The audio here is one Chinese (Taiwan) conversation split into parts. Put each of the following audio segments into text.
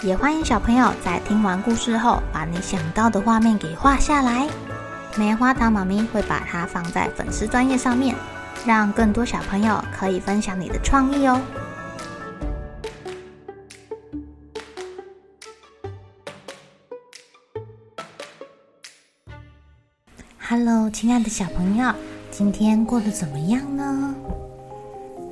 也歡迎小朋友在聽完故事後，把你想到的畫面給畫下來。棉花糖媽咪會把它放在粉絲專頁上面，讓更多小朋友可以分享你的創意哦。Hello，親愛的小朋友，今天過得怎麼樣呢？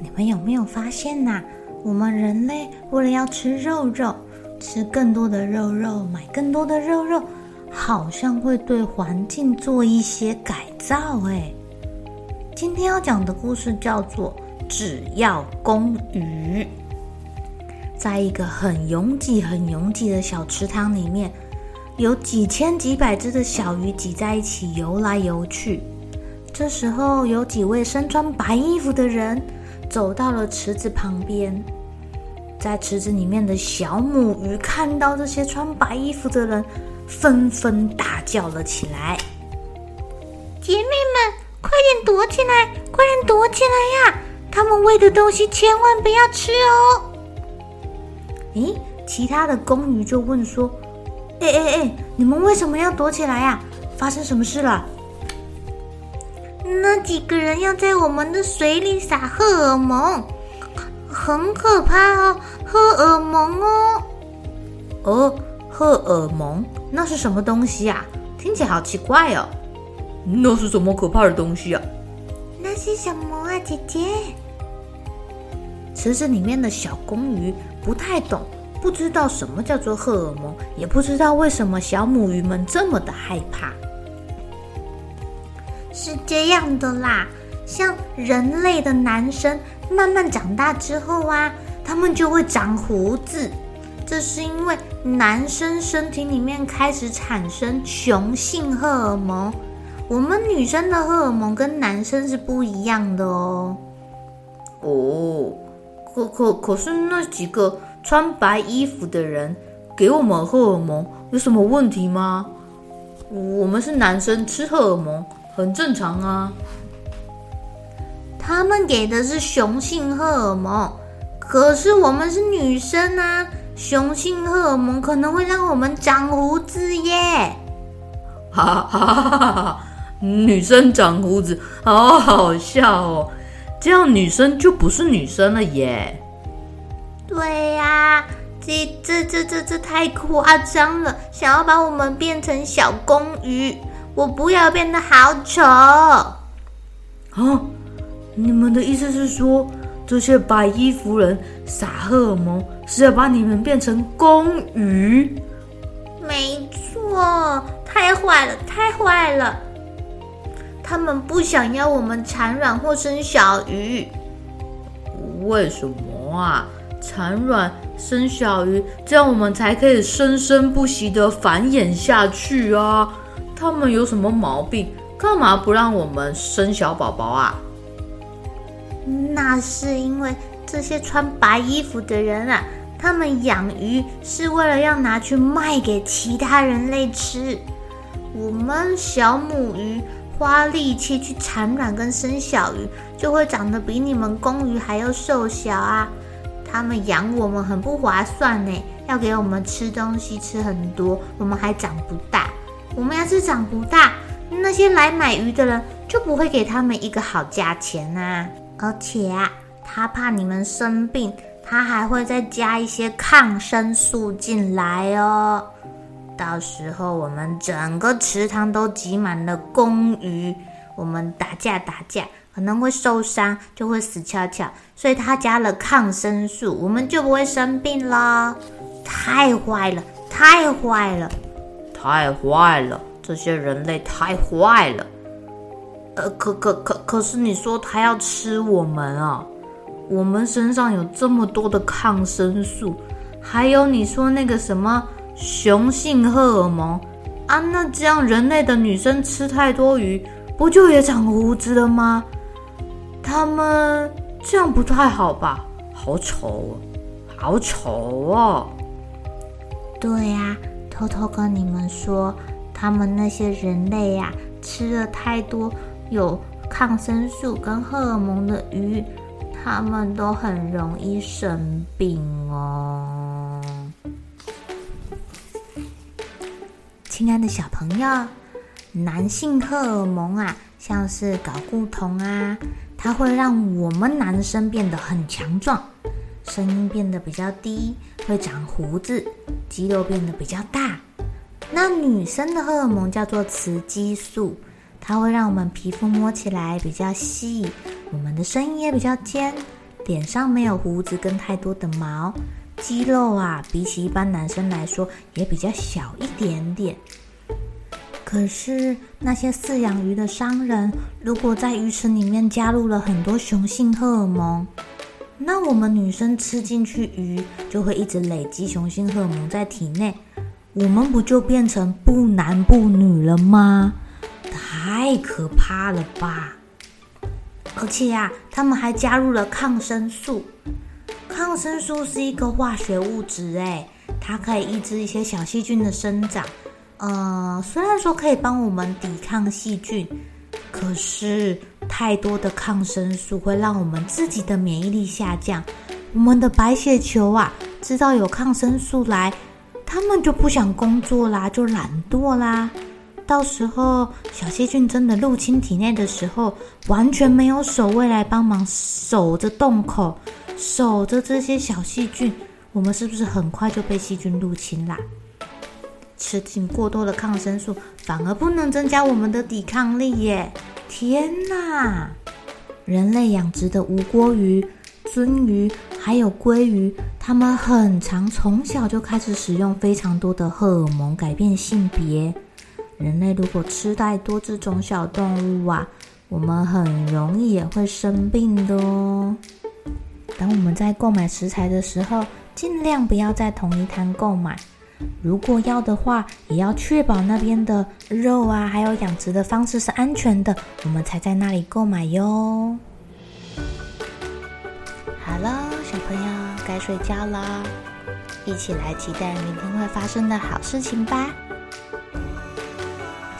你們有沒有發現吶、啊？我們人類為了要吃肉肉。吃更多的肉肉，買更多的肉肉，好像會對環境做一些改造哎。今天要講的故事叫做《只要公魚》。在一個很擁擠、很擁擠的小池塘裡面，有幾千幾百隻的小魚擠在一起游來游去。這時候，有幾位身穿白衣服的人走到了池子旁邊。在池子裡面的小母魚看到這些穿白衣服的人，紛紛大叫了起來：“姐妹們，快點躲起來！快點躲起來呀！他們餵的東西千萬不要吃哦！”咦，其他的公魚就問說：“哎哎哎，你們為什麼要躲起來呀？發生什麼事了？”那幾個人要在我們的水裡撒荷爾蒙。很可怕哦，荷爾蒙哦？哦，荷爾蒙，那是什麼東西啊？聽起來好奇怪哦，那是什麼可怕的東西啊？那是什麼啊，姐姐？池子裡面的小公魚不太懂，不知道什麼叫做荷爾蒙，也不知道為什麼小母魚們這麼的害怕。是這樣的啦，像人類的男生，慢慢長大之後啊，他們就會長鬍子，這是因為男生身體裡面開始產生雄性荷爾蒙。我們女生的荷爾蒙跟男生是不一樣的哦。哦，可可可是那幾個穿白衣服的人給我們荷爾蒙，有什麼問題嗎？我們是男生，吃荷爾蒙很正常啊。他們給的是雄性荷爾蒙，可是我們是女生啊！雄性荷爾蒙可能會讓我們長鬍子耶！哈哈哈哈！女生長鬍子，好好笑哦！這樣女生就不是女生了耶！對呀、啊，這這這這這太誇張了！想要把我們變成小公魚，我不要變得好醜哦！啊你們的意思是說，這些白衣服人撒荷爾蒙是要把你們變成公魚？沒錯，太壞了，太壞了！他們不想要我們產卵或生小魚。為什麼啊？產卵生小魚，這樣我們才可以生生不息地繁衍下去啊！他們有什麼毛病？幹嘛不讓我們生小寶寶啊？那是因為這些穿白衣服的人啊，他們養魚是為了要拿去賣給其他人類吃。我們小母魚花力氣去產卵跟生小魚，就會長得比你們公魚還要瘦小啊。他們養我們很不划算呢，要給我們吃東西吃很多，我們還長不大。我們要是長不大，那些來買魚的人就不會給他們一個好價錢啊。而且啊，他怕你們生病，他還會再加一些抗生素進來哦。到時候我們整個池塘都擠滿了公魚，我們打架打架可能會受傷，就會死翹翹。所以他加了抗生素，我們就不會生病了。太壞了，太壞了，太壞了！這些人類太壞了。呃，可可可可是你說他要吃我們啊？我們身上有這麼多的抗生素，還有你說那個什麼雄性荷爾蒙啊？那這樣人類的女生吃太多魚，不就也長鬍子了嗎？他們這樣不太好吧？好醜啊，好醜哦。對呀、啊，偷偷跟你們說，他們那些人類呀、啊，吃了太多。有抗生素跟荷爾蒙的魚，它們都很容易生病哦。親愛的小朋友，男性荷爾蒙啊，像是睾固酮啊，它會讓我們男生變得很強壯，聲音變得比較低，會長鬍子，肌肉變得比較大。那女生的荷爾蒙叫做雌激素。它會讓我們皮膚摸起來比較細，我們的聲音也比較尖，臉上沒有鬍子跟太多的毛，肌肉啊比起一般男生來說也比較小一點點。可是那些飼養魚的商人，如果在魚池裡面加入了很多雄性荷爾蒙，那我們女生吃進去魚，就會一直累積雄性荷爾蒙在體內，我們不就變成不男不女了嗎？太可怕了吧！而且呀、啊，他們還加入了抗生素。抗生素是一個化學物質，誒，它可以抑制一些小細菌的生長、呃。嗯，雖然說可以幫我們抵抗細菌，可是太多的抗生素會讓我們自己的免疫力下降。我們的白血球啊，知道有抗生素來，他們就不想工作啦，就懶惰啦。到時候小細菌真的入侵體內的時候，完全沒有守衛來幫忙守着洞口，守着這些小細菌，我們是不是很快就被細菌入侵啦？吃進過多的抗生素，反而不能增加我們的抵抗力耶！天哪，人類養殖的吳郭魚、鱒魚還有鮭魚，他們很常從小就開始使用非常多的荷爾蒙改變性別。人類如果吃太多這種小動物啊，我們很容易也會生病的哦。當我們在購買食材的時候，盡量不要在同一攤購買。如果要的話，也要確保那邊的肉啊，還有養殖的方式是安全的，我們才在那裡購買喲。好了，小朋友，該睡覺了，一起來期待明天會發生的好事情吧。